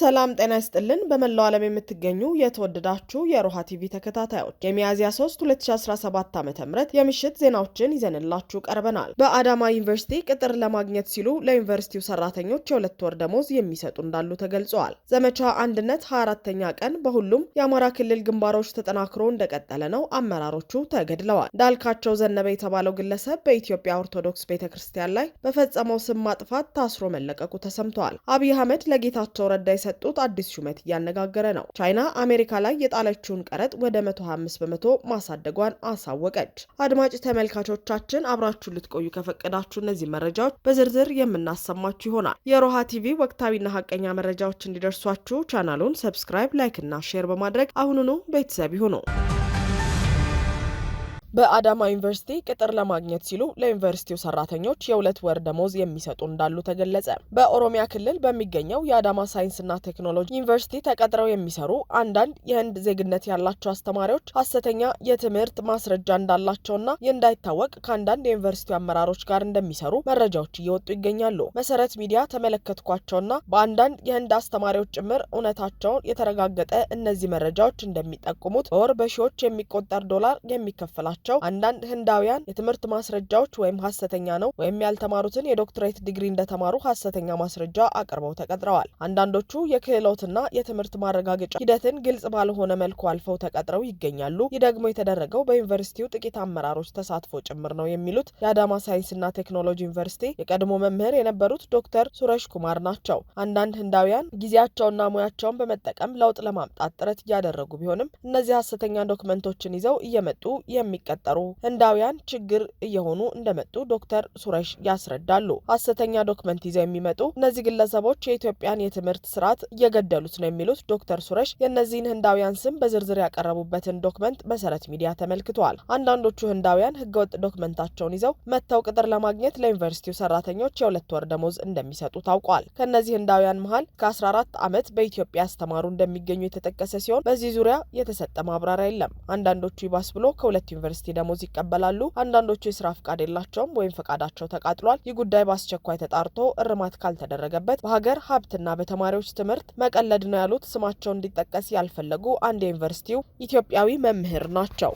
ሰላም ጤና ይስጥልን። በመላው ዓለም የምትገኙ የተወደዳችሁ የሮሃ ቲቪ ተከታታዮች የሚያዝያ 3 2017 ዓ ም የምሽት ዜናዎችን ይዘንላችሁ ቀርበናል። በአዳማ ዩኒቨርሲቲ ቅጥር ለማግኘት ሲሉ ለዩኒቨርሲቲው ሰራተኞች የሁለት ወር ደሞዝ የሚሰጡ እንዳሉ ተገልጿል። ዘመቻ አንድነት 24ተኛ ቀን በሁሉም የአማራ ክልል ግንባሮች ተጠናክሮ እንደቀጠለ ነው። አመራሮቹ ተገድለዋል። ዳልካቸው ዘነበ የተባለው ግለሰብ በኢትዮጵያ ኦርቶዶክስ ቤተ ክርስቲያን ላይ በፈጸመው ስም ማጥፋት ታስሮ መለቀቁ ተሰምተዋል። አብይ አህመድ ለጌታቸው ረዳ የሰጡት አዲስ ሹመት እያነጋገረ ነው። ቻይና አሜሪካ ላይ የጣለችውን ቀረጥ ወደ 125 በመቶ ማሳደጓን አሳወቀች። አድማጭ ተመልካቾቻችን አብራችሁ ልትቆዩ ከፈቀዳችሁ እነዚህ መረጃዎች በዝርዝር የምናሰማችሁ ይሆናል። የሮሃ ቲቪ ወቅታዊና ሀቀኛ መረጃዎች እንዲደርሷችሁ ቻናሉን ሰብስክራይብ፣ ላይክ እና ሼር በማድረግ አሁኑኑ ቤተሰብ ይሁኑ። በአዳማ ዩኒቨርሲቲ ቅጥር ለማግኘት ሲሉ ለዩኒቨርሲቲው ሰራተኞች የሁለት ወር ደሞዝ የሚሰጡ እንዳሉ ተገለጸ። በኦሮሚያ ክልል በሚገኘው የአዳማ ሳይንስና ቴክኖሎጂ ዩኒቨርሲቲ ተቀጥረው የሚሰሩ አንዳንድ የህንድ ዜግነት ያላቸው አስተማሪዎች ሀሰተኛ የትምህርት ማስረጃ እንዳላቸውና ይህ እንዳይታወቅ ከአንዳንድ የዩኒቨርሲቲው አመራሮች ጋር እንደሚሰሩ መረጃዎች እየወጡ ይገኛሉ። መሰረት ሚዲያ ተመለከትኳቸውና በአንዳንድ የህንድ አስተማሪዎች ጭምር እውነታቸውን የተረጋገጠ እነዚህ መረጃዎች እንደሚጠቁሙት በወር በሺዎች የሚቆጠር ዶላር የሚከፈላቸው ያላቸው አንዳንድ ህንዳውያን የትምህርት ማስረጃዎች ወይም ሀሰተኛ ነው ወይም ያልተማሩትን የዶክትሬት ዲግሪ እንደተማሩ ሀሰተኛ ማስረጃ አቅርበው ተቀጥረዋል። አንዳንዶቹ የክህሎትና የትምህርት ማረጋገጫ ሂደትን ግልጽ ባልሆነ መልኩ አልፈው ተቀጥረው ይገኛሉ። ይህ ደግሞ የተደረገው በዩኒቨርሲቲው ጥቂት አመራሮች ተሳትፎ ጭምር ነው የሚሉት የአዳማ ሳይንስና ቴክኖሎጂ ዩኒቨርሲቲ የቀድሞ መምህር የነበሩት ዶክተር ሱረሽ ኩማር ናቸው። አንዳንድ ህንዳውያን ጊዜያቸውና ሙያቸውን በመጠቀም ለውጥ ለማምጣት ጥረት እያደረጉ ቢሆንም እነዚህ ሀሰተኛ ዶክመንቶችን ይዘው እየመጡ የሚቀ እንዲቀጠሩ ህንዳውያን ችግር እየሆኑ እንደመጡ ዶክተር ሱረሽ ያስረዳሉ። ሀሰተኛ ዶክመንት ይዘው የሚመጡ እነዚህ ግለሰቦች የኢትዮጵያን የትምህርት ስርዓት እየገደሉት ነው የሚሉት ዶክተር ሱረሽ የእነዚህን ህንዳውያን ስም በዝርዝር ያቀረቡበትን ዶክመንት መሰረት ሚዲያ ተመልክተዋል። አንዳንዶቹ ህንዳውያን ህገወጥ ዶክመንታቸውን ይዘው መጥተው ቅጥር ለማግኘት ለዩኒቨርሲቲው ሰራተኞች የሁለት ወር ደሞዝ እንደሚሰጡ ታውቋል። ከእነዚህ ህንዳውያን መሀል ከ14 ዓመት በኢትዮጵያ ያስተማሩ እንደሚገኙ የተጠቀሰ ሲሆን በዚህ ዙሪያ የተሰጠ ማብራሪያ የለም። አንዳንዶቹ ይባስ ብሎ ከሁለት ዩኒቨርሲቲ መንግስት ደሞዝ ይቀበላሉ። አንዳንዶቹ የስራ ፍቃድ የላቸውም ወይም ፈቃዳቸው ተቃጥሏል። ይህ ጉዳይ በአስቸኳይ ተጣርቶ እርማት ካልተደረገበት በሀገር ሀብትና በተማሪዎች ትምህርት መቀለድ ነው ያሉት ስማቸው እንዲጠቀስ ያልፈለጉ አንድ የዩኒቨርሲቲው ኢትዮጵያዊ መምህር ናቸው።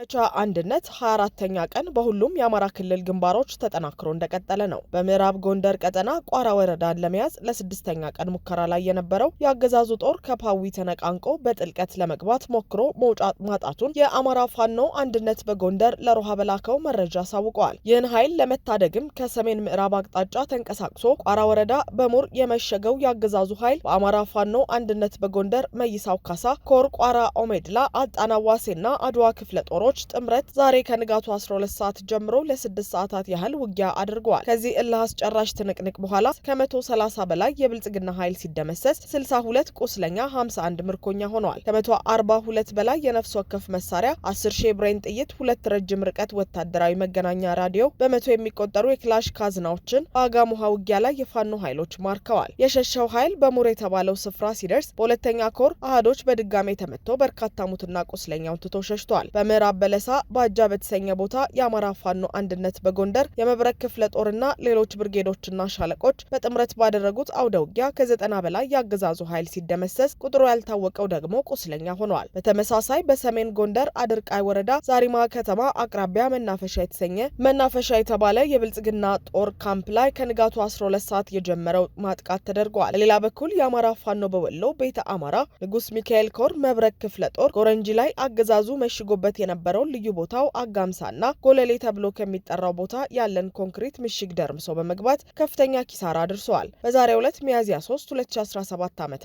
ዘመቻ አንድነት 24ተኛ ቀን በሁሉም የአማራ ክልል ግንባሮች ተጠናክሮ እንደቀጠለ ነው። በምዕራብ ጎንደር ቀጠና ቋራ ወረዳን ለመያዝ ለስድስተኛ ቀን ሙከራ ላይ የነበረው የአገዛዙ ጦር ከፓዊ ተነቃንቆ በጥልቀት ለመግባት ሞክሮ መውጫ ማጣቱን የአማራ ፋኖ አንድነት በጎንደር ለሮሃ በላከው መረጃ አሳውቀዋል። ይህን ኃይል ለመታደግም ከሰሜን ምዕራብ አቅጣጫ ተንቀሳቅሶ ቋራ ወረዳ በሙር የመሸገው የአገዛዙ ኃይል በአማራ ፋኖ አንድነት በጎንደር መይሳው ካሳ ኮር ቋራ ኦሜድላ አጣናዋሴና አድዋ ክፍለ ጦሮች ፋኖዎች ጥምረት ዛሬ ከንጋቱ 12 ሰዓት ጀምሮ ለስድስት ሰዓታት ያህል ውጊያ አድርገዋል። ከዚህ እልህ አስጨራሽ ትንቅንቅ በኋላ ከ130 በላይ የብልጽግና ኃይል ሲደመሰስ 62 ቁስለኛ፣ 51 ምርኮኛ ሆነዋል። ከ142 በላይ የነፍስ ወከፍ መሳሪያ፣ 10 ሺህ ብሬን ጥይት፣ ሁለት ረጅም ርቀት ወታደራዊ መገናኛ ራዲዮ፣ በመቶ የሚቆጠሩ የክላሽ ካዝናዎችን በአጋሙሃ ውጊያ ላይ የፋኖ ኃይሎች ማርከዋል። የሸሸው ኃይል በሙር የተባለው ስፍራ ሲደርስ በሁለተኛ ኮር አህዶች በድጋሜ ተመትቶ በርካታ ሙትና ቁስለኛውን ትቶ ሸሽቷል። በምዕራብ በለሳ በአጃ በተሰኘ ቦታ የአማራ ፋኖ አንድነት በጎንደር የመብረቅ ክፍለ ጦርና ሌሎች ብርጌዶችና ሻለቆች በጥምረት ባደረጉት አውደ ውጊያ ከዘጠና በላይ የአገዛዙ ኃይል ሲደመሰስ ቁጥሩ ያልታወቀው ደግሞ ቁስለኛ ሆኗል። በተመሳሳይ በሰሜን ጎንደር አድርቃይ ወረዳ ዛሪማ ከተማ አቅራቢያ መናፈሻ የተሰኘ መናፈሻ የተባለ የብልጽግና ጦር ካምፕ ላይ ከንጋቱ 12 ሰዓት የጀመረው ማጥቃት ተደርገዋል። በሌላ በኩል የአማራ ፋኖ በወሎ ቤተ አማራ ንጉስ ሚካኤል ኮር መብረቅ ክፍለ ጦር ጎረንጂ ላይ አገዛዙ መሽጎበት የነበረ የነበረውን ልዩ ቦታው አጋምሳና ጎለሌ ተብሎ ከሚጠራው ቦታ ያለን ኮንክሪት ምሽግ ደርምሶ በመግባት ከፍተኛ ኪሳራ አድርሰዋል። በዛሬው ዕለት ሚያዝያ 3 2017 ዓ ም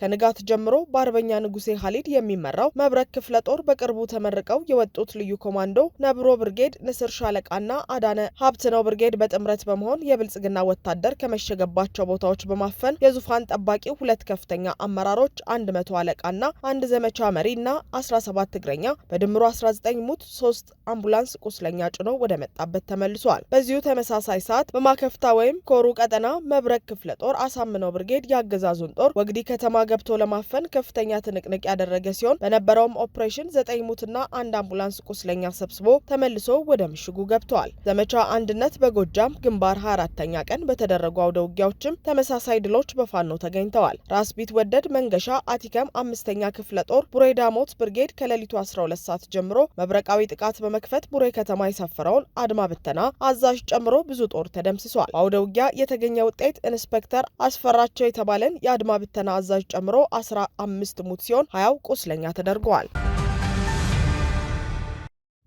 ከንጋት ጀምሮ በአርበኛ ንጉሴ ሀሊድ የሚመራው መብረቅ ክፍለ ጦር በቅርቡ ተመርቀው የወጡት ልዩ ኮማንዶ ነብሮ ብርጌድ፣ ንስር ሻለቃና አዳነ ሀብትነው ብርጌድ በጥምረት በመሆን የብልጽግና ወታደር ከመሸገባቸው ቦታዎች በማፈን የዙፋን ጠባቂ ሁለት ከፍተኛ አመራሮች አንድ መቶ አለቃና አንድ ዘመቻ መሪ እና 17 እግረኛ በድምሩ 19 ዘጠኝ ሙት፣ ሶስት አምቡላንስ ቁስለኛ ጭኖ ወደ መጣበት ተመልሷል። በዚሁ ተመሳሳይ ሰዓት በማከፍታ ወይም ኮሩ ቀጠና መብረቅ ክፍለ ጦር አሳምነው ብርጌድ የአገዛዙን ጦር ወግዲ ከተማ ገብቶ ለማፈን ከፍተኛ ትንቅንቅ ያደረገ ሲሆን በነበረውም ኦፕሬሽን ዘጠኝ ሙትና አንድ አምቡላንስ ቁስለኛ ሰብስቦ ተመልሶ ወደ ምሽጉ ገብተዋል። ዘመቻ አንድነት በጎጃም ግንባር 24 አራተኛ ቀን በተደረጉ አውደ ውጊያዎችም ተመሳሳይ ድሎች በፋኖ ተገኝተዋል። ራስ ቢት ወደድ መንገሻ አቲከም አምስተኛ ክፍለ ጦር ቡሬዳሞት ብርጌድ ከሌሊቱ 12 ሰዓት ጀምሮ መብረቃዊ ጥቃት በመክፈት ቡሬ ከተማ የሰፈረውን አድማ ብተና አዛዥ ጨምሮ ብዙ ጦር ተደምስሷል። በአውደ ውጊያ የተገኘ ውጤት ኢንስፔክተር አስፈራቸው የተባለን የአድማ ብተና አዛዥ ጨምሮ አስራ አምስት ሙት ሲሆን ሀያው ቁስለኛ ተደርገዋል።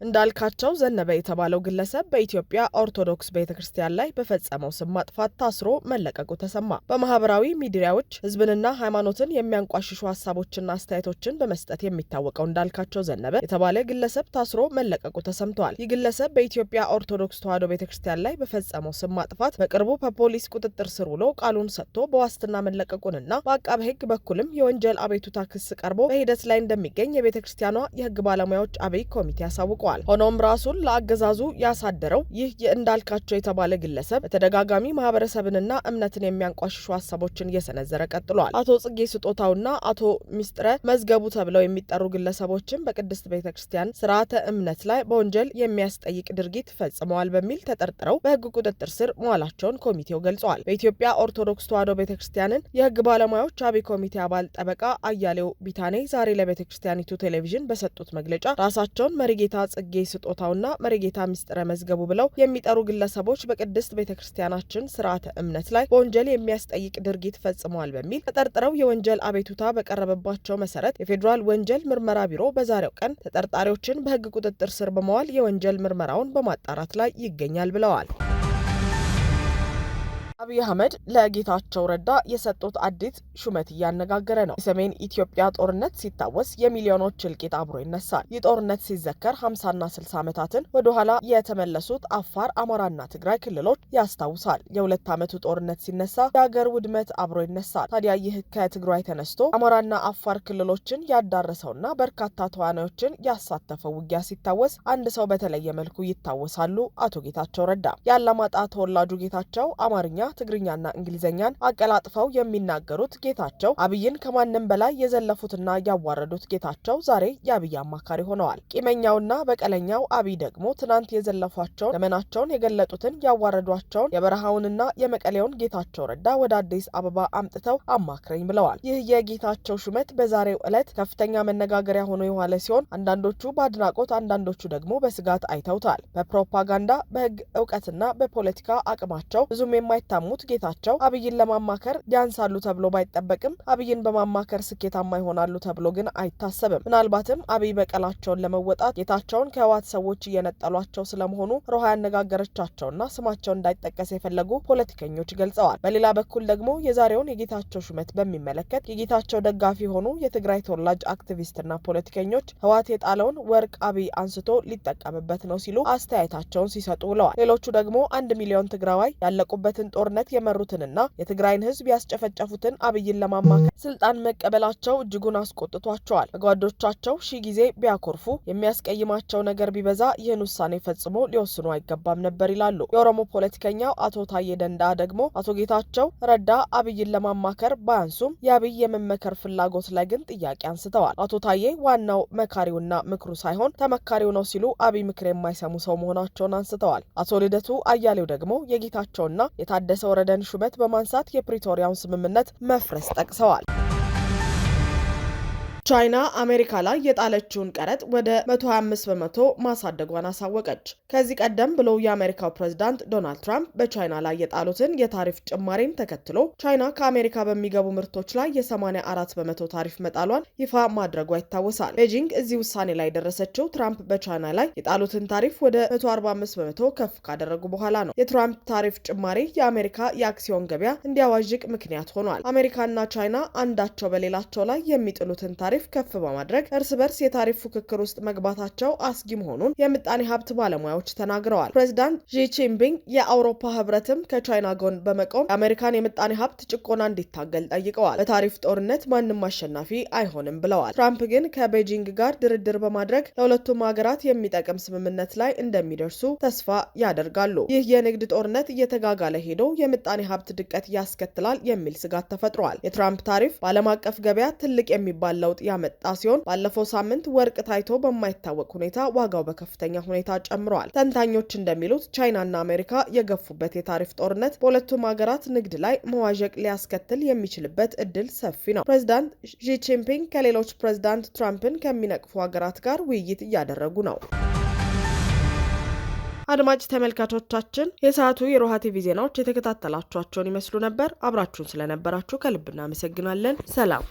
እንዳልካቸው ዘነበ የተባለው ግለሰብ በኢትዮጵያ ኦርቶዶክስ ቤተ ክርስቲያን ላይ በፈጸመው ስም ማጥፋት ታስሮ መለቀቁ ተሰማ። በማህበራዊ ሚዲያዎች ህዝብንና ሃይማኖትን የሚያንቋሽሹ ሀሳቦችና አስተያየቶችን በመስጠት የሚታወቀው እንዳልካቸው ዘነበ የተባለ ግለሰብ ታስሮ መለቀቁ ተሰምተዋል። ይህ ግለሰብ በኢትዮጵያ ኦርቶዶክስ ተዋሕዶ ቤተ ክርስቲያን ላይ በፈጸመው ስም ማጥፋት በቅርቡ በፖሊስ ቁጥጥር ስር ውሎ ቃሉን ሰጥቶ በዋስትና መለቀቁንና በአቃቤ ህግ በኩልም የወንጀል አቤቱታ ክስ ቀርቦ በሂደት ላይ እንደሚገኝ የቤተ ክርስቲያኗ የህግ ባለሙያዎች አብይ ኮሚቴ አሳውቋል። አስታውቋል። ሆኖም ራሱን ለአገዛዙ ያሳደረው ይህ የእንዳልካቸው የተባለ ግለሰብ በተደጋጋሚ ማህበረሰብንና እምነትን የሚያንቋሽሹ ሀሳቦችን እየሰነዘረ ቀጥሏል። አቶ ጽጌ ስጦታውና አቶ ሚስጥረ መዝገቡ ተብለው የሚጠሩ ግለሰቦችን በቅድስት ቤተ ክርስቲያን ስርዓተ እምነት ላይ በወንጀል የሚያስጠይቅ ድርጊት ፈጽመዋል በሚል ተጠርጥረው በህግ ቁጥጥር ስር መዋላቸውን ኮሚቴው ገልጿል። በኢትዮጵያ ኦርቶዶክስ ተዋሕዶ ቤተ ክርስቲያንን የህግ ባለሙያዎች አብይ ኮሚቴ አባል ጠበቃ አያሌው ቢታኔ ዛሬ ለቤተ ክርስቲያኒቱ ቴሌቪዥን በሰጡት መግለጫ ራሳቸውን መሪጌታ ጽጌ ስጦታውና መሪጌታ ምስጥረ መዝገቡ ብለው የሚጠሩ ግለሰቦች በቅድስት ቤተ ክርስቲያናችን ስርዓተ እምነት ላይ በወንጀል የሚያስጠይቅ ድርጊት ፈጽመዋል በሚል ተጠርጥረው የወንጀል አቤቱታ በቀረበባቸው መሰረት የፌዴራል ወንጀል ምርመራ ቢሮ በዛሬው ቀን ተጠርጣሪዎችን በህግ ቁጥጥር ስር በመዋል የወንጀል ምርመራውን በማጣራት ላይ ይገኛል ብለዋል። አብይ አህመድ ለጌታቸው ረዳ የሰጡት አዲስ ሹመት እያነጋገረ ነው። የሰሜን ኢትዮጵያ ጦርነት ሲታወስ የሚሊዮኖች እልቂት አብሮ ይነሳል። ይህ ጦርነት ሲዘከር ሀምሳና ስልሳ ዓመታትን ወደኋላ የተመለሱት አፋር፣ አማራና ትግራይ ክልሎች ያስታውሳል። የሁለት ዓመቱ ጦርነት ሲነሳ የሀገር ውድመት አብሮ ይነሳል። ታዲያ ይህ ከትግራይ ተነስቶ አማራና አፋር ክልሎችን ያዳረሰውና በርካታ ተዋናዮችን ያሳተፈው ውጊያ ሲታወስ አንድ ሰው በተለየ መልኩ ይታወሳሉ። አቶ ጌታቸው ረዳ የአላማጣ ተወላጁ ጌታቸው አማርኛ ትግርኛና እንግሊዝኛን አቀላጥፈው የሚናገሩት ጌታቸው አብይን ከማንም በላይ የዘለፉትና ያዋረዱት ጌታቸው ዛሬ የአብይ አማካሪ ሆነዋል። ቂመኛውና በቀለኛው አብይ ደግሞ ትናንት የዘለፏቸውን ዘመናቸውን የገለጡትን ያዋረዷቸውን የበረሃውንና የመቀሌውን ጌታቸው ረዳ ወደ አዲስ አበባ አምጥተው አማክረኝ ብለዋል። ይህ የጌታቸው ሹመት በዛሬው ዕለት ከፍተኛ መነጋገሪያ ሆኖ የዋለ ሲሆን አንዳንዶቹ በአድናቆት አንዳንዶቹ ደግሞ በስጋት አይተውታል። በፕሮፓጋንዳ በህግ እውቀትና በፖለቲካ አቅማቸው ብዙም የማይታ የሰሙት ጌታቸው አብይን ለማማከር ያንሳሉ ተብሎ ባይጠበቅም አብይን በማማከር ስኬታማ ይሆናሉ ተብሎ ግን አይታሰብም። ምናልባትም አብይ በቀላቸውን ለመወጣት ጌታቸውን ከህወሓት ሰዎች እየነጠሏቸው ስለመሆኑ ሮሃ ያነጋገረቻቸውና ስማቸው እንዳይጠቀስ የፈለጉ ፖለቲከኞች ገልጸዋል። በሌላ በኩል ደግሞ የዛሬውን የጌታቸው ሹመት በሚመለከት የጌታቸው ደጋፊ የሆኑ የትግራይ ተወላጅ አክቲቪስትና ፖለቲከኞች ህወሓት የጣለውን ወርቅ አብይ አንስቶ ሊጠቀምበት ነው ሲሉ አስተያየታቸውን ሲሰጡ ውለዋል። ሌሎቹ ደግሞ አንድ ሚሊዮን ትግራዋይ ያለቁበትን ጦር ጦርነት የመሩትንና የትግራይን ህዝብ ያስጨፈጨፉትን አብይን ለማማከል ስልጣን መቀበላቸው እጅጉን አስቆጥቷቸዋል። በጓዶቻቸው ሺ ጊዜ ቢያኮርፉ የሚያስቀይማቸው ነገር ቢበዛ ይህን ውሳኔ ፈጽሞ ሊወስኑ አይገባም ነበር ይላሉ። የኦሮሞ ፖለቲከኛው አቶ ታዬ ደንዳ ደግሞ አቶ ጌታቸው ረዳ አብይን ለማማከር ባያንሱም የአብይ የመመከር ፍላጎት ላይ ግን ጥያቄ አንስተዋል። አቶ ታዬ ዋናው መካሪውና ምክሩ ሳይሆን ተመካሪው ነው ሲሉ አብይ ምክር የማይሰሙ ሰው መሆናቸውን አንስተዋል። አቶ ልደቱ አያሌው ደግሞ የጌታቸውና የታደሰ ታደሰ ወረደን ሹመት በማንሳት የፕሪቶሪያውን ስምምነት መፍረስ ጠቅሰዋል። ቻይና አሜሪካ ላይ የጣለችውን ቀረጥ ወደ 125 በመቶ ማሳደጓን አሳወቀች። ከዚህ ቀደም ብለው የአሜሪካው ፕሬዝዳንት ዶናልድ ትራምፕ በቻይና ላይ የጣሉትን የታሪፍ ጭማሪን ተከትሎ ቻይና ከአሜሪካ በሚገቡ ምርቶች ላይ የ84 በመቶ ታሪፍ መጣሏን ይፋ ማድረጓ ይታወሳል። ቤጂንግ እዚህ ውሳኔ ላይ የደረሰችው ትራምፕ በቻይና ላይ የጣሉትን ታሪፍ ወደ 145 በመቶ ከፍ ካደረጉ በኋላ ነው። የትራምፕ ታሪፍ ጭማሪ የአሜሪካ የአክሲዮን ገበያ እንዲያዋዥቅ ምክንያት ሆኗል። አሜሪካና ቻይና አንዳቸው በሌላቸው ላይ የሚጥሉትን ታሪፍ ታሪፍ ከፍ በማድረግ እርስ በርስ የታሪፍ ፉክክር ውስጥ መግባታቸው አስጊ መሆኑን የምጣኔ ሀብት ባለሙያዎች ተናግረዋል። ፕሬዚዳንት ዢ ጂንፒንግ የአውሮፓ ህብረትም ከቻይና ጎን በመቆም የአሜሪካን የምጣኔ ሀብት ጭቆና እንዲታገል ጠይቀዋል። በታሪፍ ጦርነት ማንም አሸናፊ አይሆንም ብለዋል። ትራምፕ ግን ከቤጂንግ ጋር ድርድር በማድረግ ለሁለቱም ሀገራት የሚጠቅም ስምምነት ላይ እንደሚደርሱ ተስፋ ያደርጋሉ። ይህ የንግድ ጦርነት እየተጋጋለ ሄዶ የምጣኔ ሀብት ድቀት ያስከትላል የሚል ስጋት ተፈጥሯል። የትራምፕ ታሪፍ በዓለም አቀፍ ገበያ ትልቅ የሚባል ለውጥ ለውጥ ያመጣ ሲሆን ባለፈው ሳምንት ወርቅ ታይቶ በማይታወቅ ሁኔታ ዋጋው በከፍተኛ ሁኔታ ጨምረዋል። ተንታኞች እንደሚሉት ቻይናና አሜሪካ የገፉበት የታሪፍ ጦርነት በሁለቱም ሀገራት ንግድ ላይ መዋዠቅ ሊያስከትል የሚችልበት እድል ሰፊ ነው። ፕሬዚዳንት ሺጂንፒንግ ከሌሎች ፕሬዚዳንት ትራምፕን ከሚነቅፉ ሀገራት ጋር ውይይት እያደረጉ ነው። አድማጭ ተመልካቾቻችን የሰዓቱ የሮሃ ቲቪ ዜናዎች የተከታተላችኋቸውን ይመስሉ ነበር። አብራችሁን ስለነበራችሁ ከልብ እናመሰግናለን። ሰላም